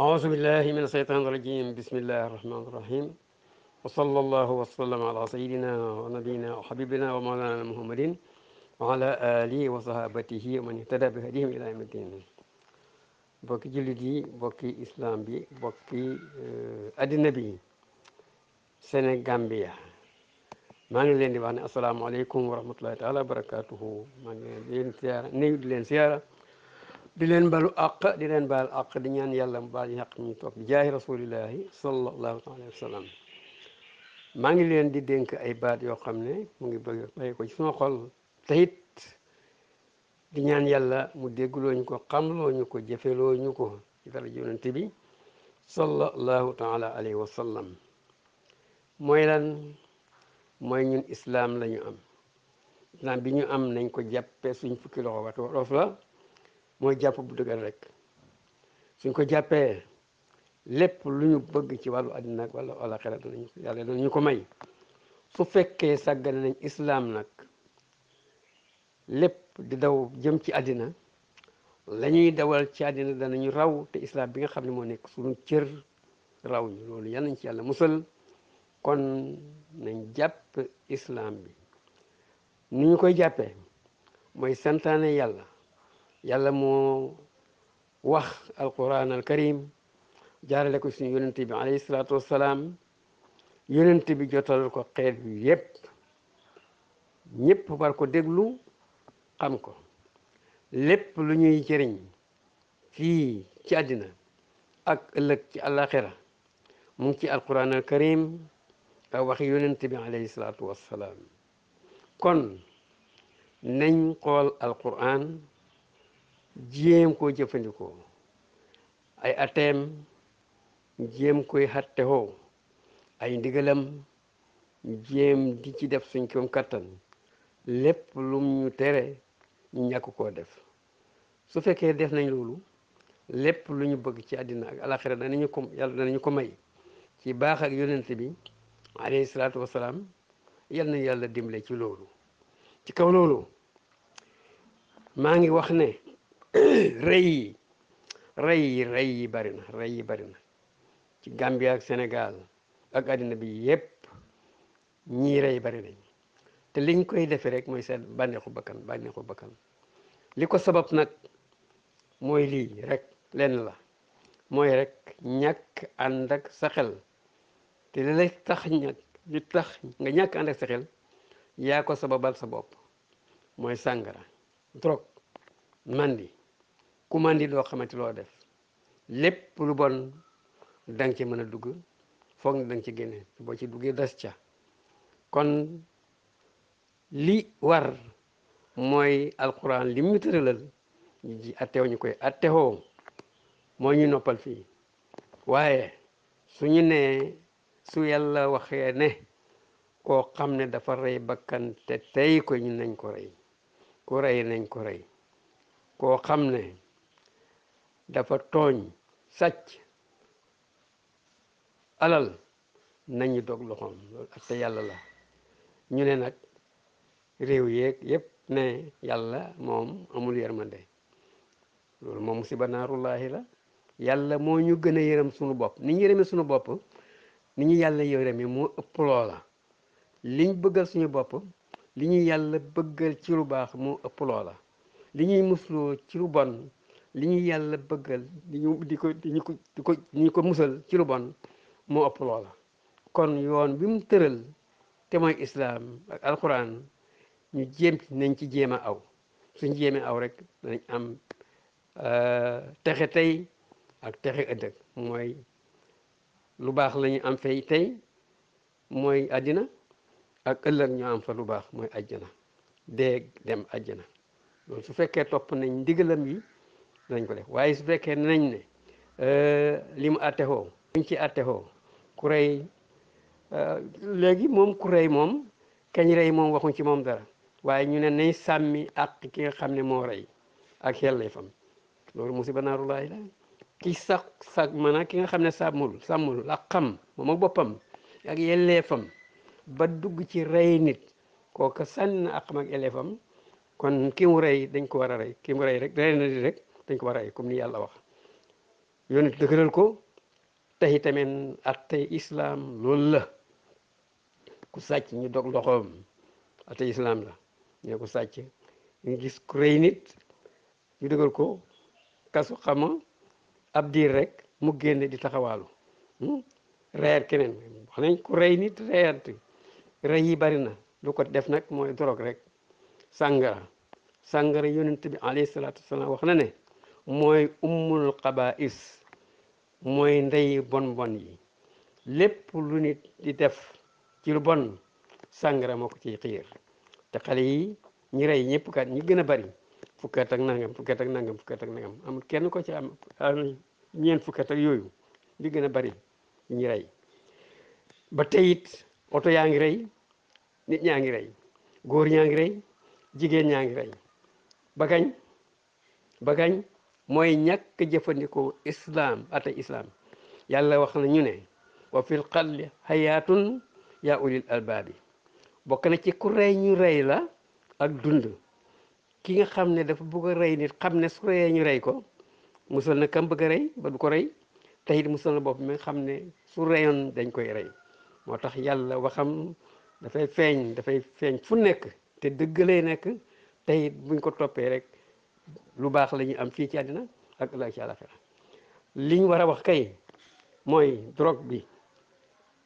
أعوذ بالله من الشيطان الرجيم بسم الله الرحمن الرحيم وصلى الله وسلم على سيدنا ونبينا وحبيبنا ومولانا محمد وعلى آله وصحابته ومن اهتدى بهديهم إلى يوم الدين بوكي جلدي بوكي إسلام بي بوكي أدي آه، نبي سنة جامبيا ما السلام عليكم ورحمة الله تعالى وبركاته ما نلين سيارة نيود لين سيارة, نيو di baru balu àq di leen baal àq di ñaan yàlla mu baal ñàq ñu toog bi jaahi sallallahu alayhi Wasallam sallam ngi leen di dénk ay baat yoo xam mu ngi bëgg bàyyi ko ci suma xol te it di ñaan yàlla mu déggloo ñu ko xamloo ñu ko jëfeloo ñu ko ci dara yonent bi sallallahu taala alayhi wa sallam mooy lan mooy ñun islaam la ñu am islaam bi ñu am nañ ko jàppee suñ fukki loxo waxtu la mooy jàpp bu dëgër rek suñ ko jàppee lépp lu ñu bëgg ci wàllu àddina ak wala wala xerat nañu yàlla danañu ko may su fekkee sàggane nañ islaam nag lépp di daw jëm ci àddina la ñuy dawal ci àddina danañu raw te islaam bi nga xam ne moo nekk suñu cër raw ñu loolu yal nañ ci yàlla musal kon nañ jàpp islaam bi ni ñu koy jàppee mooy santaane yàlla yàlla moo wax alquran al karim jaarale ko suñu yonent bi alayhi salaatu wassalaam yonent bi jotal ko xeet bi yépp ñépp war ko déglu xam ko lépp lu ñuy jëriñ fii ci àddina ak ëllëg ci àllaaxira mu ci alquran al karim ak waxi yonent bi alayhi salaatu kon nañ xool alquran jéem koo jëfandikoo ay ateem jéem koy xatte hoo ay ndigalam jéem di ci def suñ koom kattan lépp lum ñu tere ñàkk koo def su fekkee def nañ loolu lépp lu ñu bëgg ci àddina ak alaxira danañu ko yàlla danañu ko may ci baax ak yonent bi alayhi salaatu wasalaam yal nañu yàlla dimbale ci loolu ci kaw loolu maa ngi wax ne rëy yi rey yi rëy yi bari na rëy yi bari na ci Gambie ak Sénégal ak àddina bi yépp ñii rey bari nañ te liñ koy defee rek mooy seen bànneexu bakkan bànneexu bakkan li ko sabab nag mooy lii rek lenn la mooy rek ñàkk ànd ak sa xel te li lay tax ñàkk li tax nga ñàkk ànd ak sa xel yaa ko sababal sa bopp mooy sàngara drogue mandi commande loo xamante loo def lépp lu bon da ci mën a dugg foog ne da ci génne boo ci duggee das ca kon li war mooy alxuraan li mu ji atteew ñu koy attewoo moo ñu noppal fii waaye suñu nee su yàlla waxee ne koo xam ne dafa rey bakkan te tey ko ñu nañ ko rey ku rey nañ ko rey koo xam ne dafa tooñ sàcc alal nañu dog loxoom loolu atte yàlla la ñu ne nag réew yeeg yépp ne yàlla moom amul yërmande loolu moom musiba laaxi la yàlla moo ñu gën a yërëm sunu bopp ni ñu suñu bopp ni ñu yàlla yërëmee moo ëpp la liñ bëggal suñu bopp li ñu yàlla bëggal ci lu baax moo ëpp la li ñuy musloo ci lu bon li ñu yàlla bëggal di ñu di ko di ñu ko di ko ñu ko musal ci lu bon moo ëpp loola kon yoon bi mu tëral te mooy islaam ak alquran ñu jéem nañ ci jéem a aw suñ jéemee aw rek danañ am euh, texe tey ak texe ëllëg mooy lu baax la am fay tey mooy àddina ak ëllëg ñu am fa lu baax mooy àjjana déeg dem àjjana loolu su fekkee topp nañ ndigalam yi dinañ ko def waaye su fekkee nañ ne euh, li mu attexoo buñ ci attexoo ku rey euh, léegi moom ku rey moom kañ rey moom waxuñ ci moom dara waaye ñu ne nañ sàmmi ak ki nga xam ne moo rey ak fam loolu musiba naaru laay ki sax sax maanaam ki nga xam ne sàmmul sàmmul ak xam moom ak boppam ak yelleefam ba dugg ci rey nit kooka sànn ak xam ak yelleefam kon ki mu rey dañ ko war a rey ki mu rey rek rey rek dañ ko war a ay comme ni yàlla wax yonent dëgëral ko tey tamit attey islaam loolu la ku sàcc ñu dog loxoom attey islam la ñu ko sàcc ñu gis ku rëy nit ñu dëgal ko kasu xam ab diir rek mu génn di taxawaalu hmm? reer keneen wax nañ ku rey nit reerti rëy yi bari na lu ko def nag mooy dorog rek sàngara sàngara yonent bi alayhi salaatu wasalaam wax na ne mooy ummul is mooy ndey bon bon yi lépp lu nit di def ci lu bon sangara moo ko ciy xiir te xale yi ñi rey ñëpp kat ñi gën a bari fukkat ak nangam fukkat ak nangam fukkat ak nangam amul kenn ko ci am ñeent fukkat ak yooyu li gën a bari ñi rey ba tey it oto yaa ngi rey nit ñaa ngi rey góor ñaa ngi rey jigéen ñaa ngi rey ba kañ ba kañ mooy ñàkk jëfandikoo islaam ata islaam yàlla wax na ñu ne wa fil qalbi hayaatun yaa ulil albaabi bokk na ci ku rey ñu rey la ak dund ki nga xam ne dafa bëgg a rey nit xam ne su reyee ñu rey ko musal na kam bëgg a rey ba du ko rey te it musal na bopp mi xam ne su reyoon dañ koy rey moo tax yàlla waxam dafay feeñ dafay feeñ fu nekk te dëgg lay nekk te it buñ ko toppee rek lu baax la ñuy am fii ci àddina ak la ci àllaxira liñ war a wax kay mooy drogue bi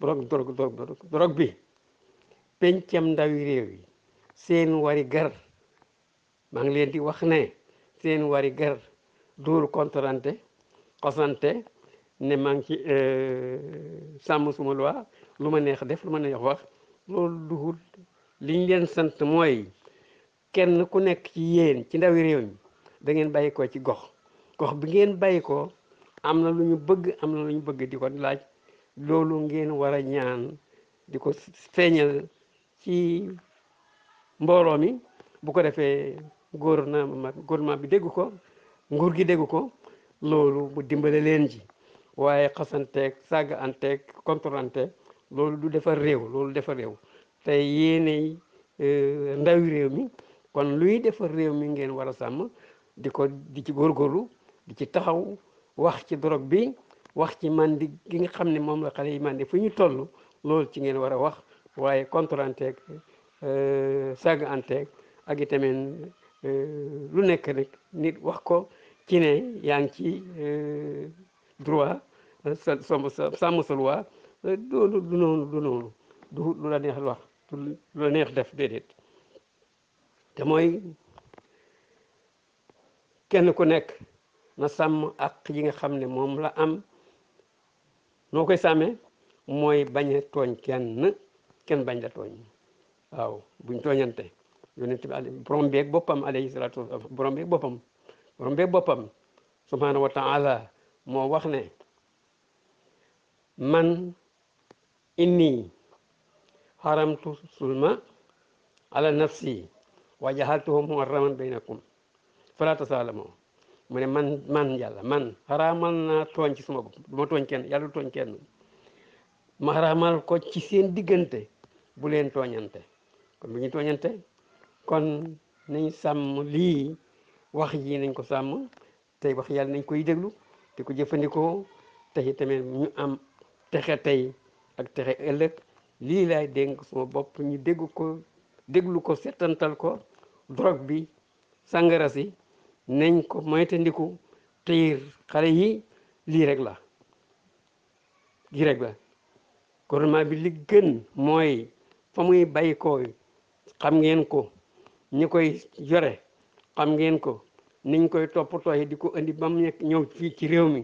drogue drogue drogue drogue bi pencam ndawi réew yi seen wari gar maa ngi leen di wax ne seen wari gar duul kontrante xasante ne maa ngi ci euh, sàmm suma loi lu ma neex def lu ma neex wax loolu duhul liñ leen sant mooy kenn ku nekk ci yéen ci ndawi réew mi da ngeen bàyyi ko ci gox gox bi ngeen bàyyi ko am na lu ñu bëgg am na lu ñu bëgg di ko laaj loolu ngeen war a ñaan di ko feeñal ci mbooloo mi bu ko defee gouvernement gouvernement bi dégg ko nguur gi dégg ko loolu mu dimbale leen ji waaye xasanteeg sàgg anteeg contrante loolu du defar réew loolu defar réew te yéeney euh, ndawi réew mi kon luy defar réew mi ngeen war a sàmm di ko di ci góorgóorlu di ci taxaw wax ci drogue bi wax ci mandi ki nga xam ne moom la xale yi mandi fu ñu tollu loolu ci ngeen war a wax waaye contreanteeg euh, sag anteeg ak tamit euh, lu nekk rek nit wax ko ci ne yaa ngi ci euh, droit sa sàmm sa loi loolu du noonu lu la neex wax du lu la neex def déedéet te mooy kenn ku nekk na sàmm ak yi nga xam ne moom la am noo koy sàmmee mooy bañ tooñ kenn kenn bañ la tooñ waaw buñ tooñante yonent bi al boppam alayhi salaatu boppam borom beeg boppam subhaanahu moo wax ne man inni haramtu sulma ala nafsi wa jahaltuhu muharraman baynakum falaata saalamoo mu ne man man yàlla man xaraamal naa tooñ ci sama bopp du tooñ kenn yàlla du tooñ kenn ma xaraamal ko ci seen diggante bu leen tooñante kon bu ñu tooñante kon nañ sàmm lii wax yi nañ ko sàmm tey wax yàlla nañ koy déglu te ko jëfandikoo tey tamit ñu am texe tey ak texe ëllëg lii lay dénk suma bopp ñu dégg ko déglu ko setantal ko drogue bi sàngara si nañ ko moytandiku xiir xale yi lii rek la lii rek la bi li gën mooy fa muy bàyyi ko xam ngeen ko ñi koy yore xam ngeen ko niñ koy toppatoo di ko indi ba mu nekk ñëw fii ci réew mi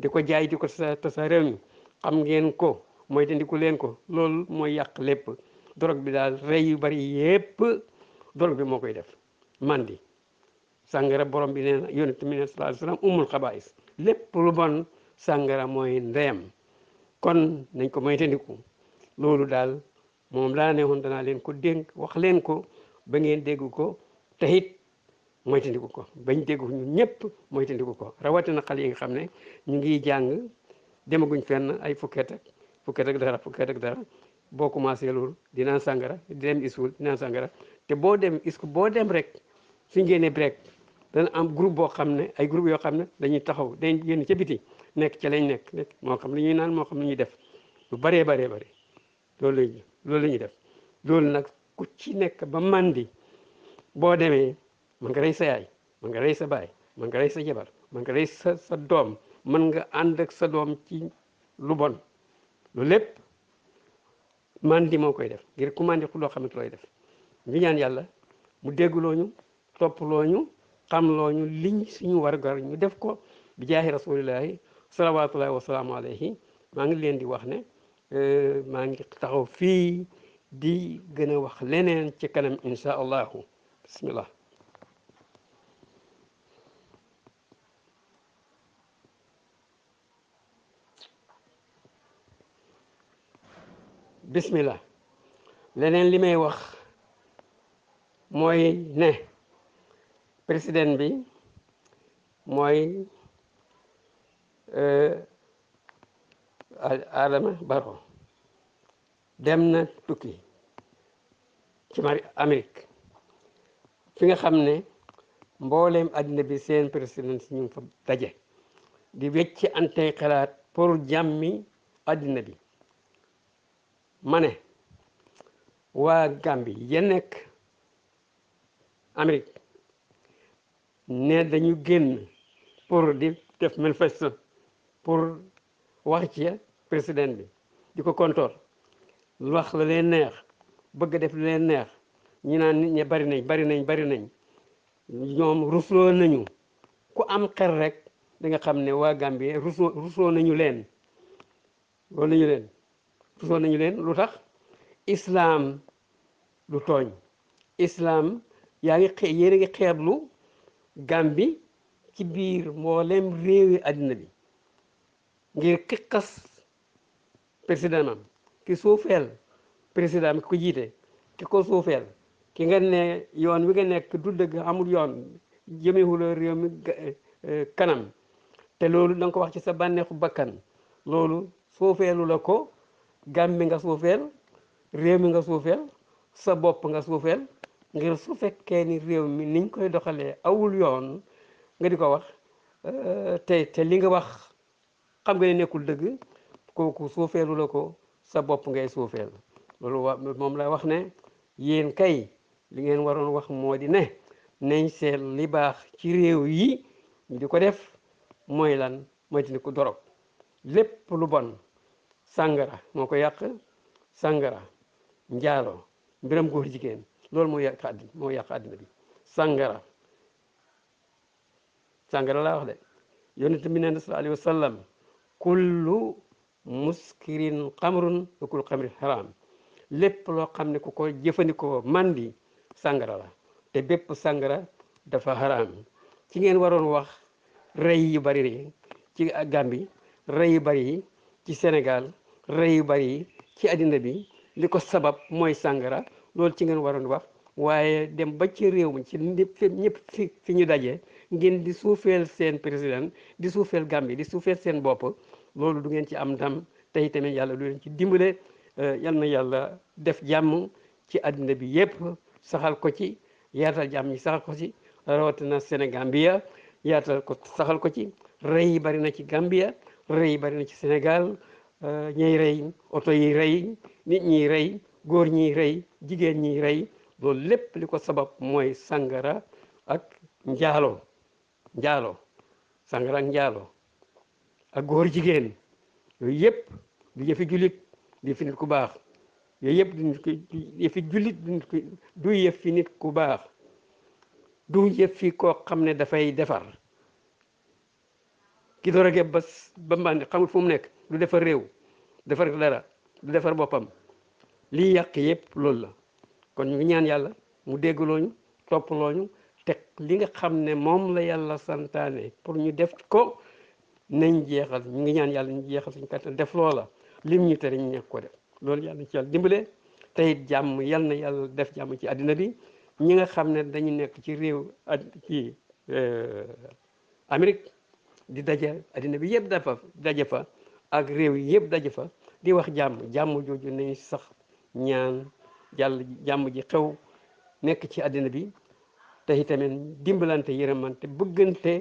di ko jaay di ko sa tasa réew mi xam ngeen ko mooy tandiku leen ko loolu mooy yàq lépp drogue bi daal rey yu bari yépp drogue bi moo koy def mandi sàngara borom bi nee na yonent mi ne sallallahu alayhi wasallam umul xabaais lépp lu bon sàngara mooy ndeyam kon nañ ko moytandiku loolu daal moom laa ne danaa leen ko dénk wax leen ko ba ngeen dégg ko te it moytandiku ko bañ dégg ñun ñëpp moytandiku ko rawatina xal yi nga xam ne ñu ngi jàng demaguñ fenn ay fukket ak fukket dara fukket ak dara boo commencé loolu dinaan sàngara di dem iskul dinaan sàngara te boo dem iskul boo dem rek suñ génnee break dana am groupe boo xam ne ay groupe yoo xam ne dañuy taxaw dañ génn ca biti nekk ca lañ nekk nekk moo xam li ñuy naan moo xam li ñuy def lu baree baree bare loolu lañ loolu la ñuy def loolu nag ku ci nekk ba mandi boo demee mën nga rey sa yaay mën nga rey sa baay mën nga rey sa jabar mën nga rey sa sa doom mën nga ànd ak sa doom ci lu bon loolu lépp mandi moo koy def ngir ku mandi ku loo ne looy def ñu ñaan yàlla mu déggloo ñu topp loo ñu xam loo ñu liñ suñu wargar ñu def ko bi jaahi rasulillahi salawaatullahi wasalaamu alayhi maa ngi leen di wax ne euh, maa ngi taxaw fii di gën a wax leneen ci kanam insha allahu bismillah bismillah leneen li may wax mooy ne président bi mooy euh, Adama Baro dem na tukki ci mari Amérique fi nga xam ne mbooleem àddina bi seen président si ñu ngi fa daje di wecc ante xalaat pour jàmmi àddina bi mane ne waa Gambie ya nekk Amérique ne dañu génn pour di def manifeste pour wax ci président bi di ko kontoor wax la leen neex bëgg def lu leen neex ñi naan nit ñi bari nañ bari nañ bari nañ ñoom rusloo nañu ku am xel rek da nga xam ne waa Gambie rusloo rusloo nañu leen loolu nañu leen rusloo nañu leen lu tax islaam lu tooñ islaam yaa ngi xee yéen a ngi xeeblu Gàmbi ci biir mboolem réewi àddina bi ngir xas président am ki suufeel président am ki ko jiite ki ko suufeel ki nga ne yoon wi nga nekk du dëgg amul yoon jëmewula réew mi eh, eh, kanam te loolu da nga ko wax ci sa bànneexu bakkan loolu suufeelu la ko Gàmbi nga suufeel réew mi nga suufeel sa bopp nga suufeel ngir su fekkee ni réew mi niñ koy doxalee awul yoon nga di ko wax euh, tey te li nga wax xam nga ne nekkul dëgg kooku suufeelu la ko sa bopp ngay suufeel loolu wa moom lay wax ne yéen kay li ngeen waroon wax moo di ne nañ seet li baax ci réew yi ñu di ko def mooy lan mooy di ko dorog lépp lu bon sàngara moo ko yàq sàngara njaalo mbiram góor jigéen loolu mooy yàq àddina moo yàq bi sàngara sàngara laa wax de yonent bi nee na sallallahu alayhi wa sallam kullu muskirin xamrun wa kullu xamrin haram lépp loo xam ne ku ko jëfandikoo man di sàngara la te bépp sàngara dafa haram ci ngeen waroon wax rey yu bari yi ci Gàmbi rey yu bari ci senegal rey yu bari ci àddina bi li ko sabab mooy sàngara loolu ci ngeen waroon wax waaye dem ba ci réew mi ci ñëpp fi fi ñu dajee ngeen di suufeel seen président di suufeel Gambie di suufeel seen bopp loolu du ngeen ci am ndam tey tamit yàlla du leen ci dimbale euh, yal na yàlla def jàmm ci àddina bi yépp saxal ko ci yaatal jàmm ñi saxal ko ci rawatina Sénégambia yaatal ko saxal ko ci rey yi bari na ci Gambia rey yi bari na ci Sénégal euh, ñiy rey oto yi rey nit ñi rey góor ñiy rey jigéen ñi rey loolu lépp li ko sabab mooy sàngara ak njaalo njaalo sàngara ak njaalo ak góor jigéen yooyu yëpp du yëfi jullit du yëfi nit ku baax yooyu yëpp du nit ku nit ku baax du yëfi koo xam ne dafay defar ki dorogee ba ba mbandi xamul fu mu nekk du defar réew defar dara du defar boppam lii yàq yépp loolu la kon ñu ñaan yàlla mu déggloo ñu toppaloo ñu teg li nga xam ne moom la yàlla santaane pour ñu def ko nañ jeexal ñu ngi ñaan yàlla ñu jeexal suñu kattan def loola lim ñu tere ñu nekk ko def loolu yàlla ci yàlla dimbale tey jàmm yal na yàlla def jàmm ci àddina bi ñi nga xam ne dañu nekk ci réew ak ci euh, Amérique di daje àddina bi yëpp dafa daje fa ak réew yi yëpp daje fa di wax jàmm jàmm jooju nañ sax ñaan jàll jàmm ji xew nekk ci àddina bi te tamit dimbalante yërëmante bëggante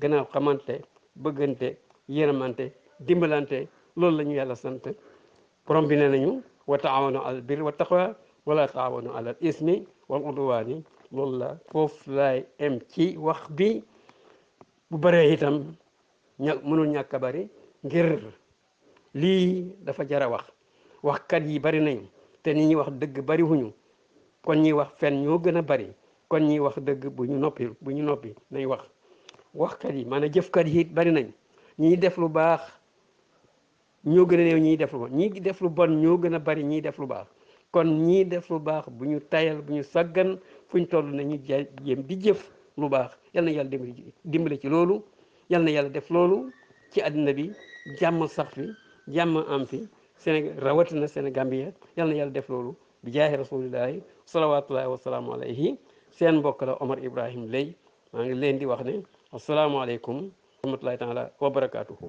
gannaaw xamante bëggante yërëmante dimbalante loolu lañu yàlla sant borom bi ne nañu wa taawanu alal birri wa taqwa wala taawanu alal ismi wal udwaani loolu la foofu laay am ci wax bi bu bëree itam ña mënul ñàkk a bëri ngir lii dafa jara wax waxkat yi bari nañu te ñi ñuy wax dëgg bariwuñu kon ñuy wax fen ñoo gën a bari kon ñuy wax dëgg bu ñu noppi bu ñu noppi nañ wax waxkat yi maanaam jëfkat yi bari nañ ñiy def lu baax ñoo gën a néew ñiy def lu bon ñiy def lu bon ñoo gën a bari ñiy def lu baax kon ñiy def lu baax bu ñu tayal bu ñu saggan fuñ toll nañu jéem di jëf lu baax yal na yàlla dimbali ci loolu yal na yàlla def loolu ci àddina bi jàmm sax fi jàmm am fi Sénégal rawatina Sénégambie yal na yàlla def loolu bi jaahi rasulillahi salawaatullahi wasalaamu alayhi seen mbokk la Omar Ibrahim Lay maa ngi leen di wax ne asalaamualeykum wa rahmatullahi taala wa barakaatuhu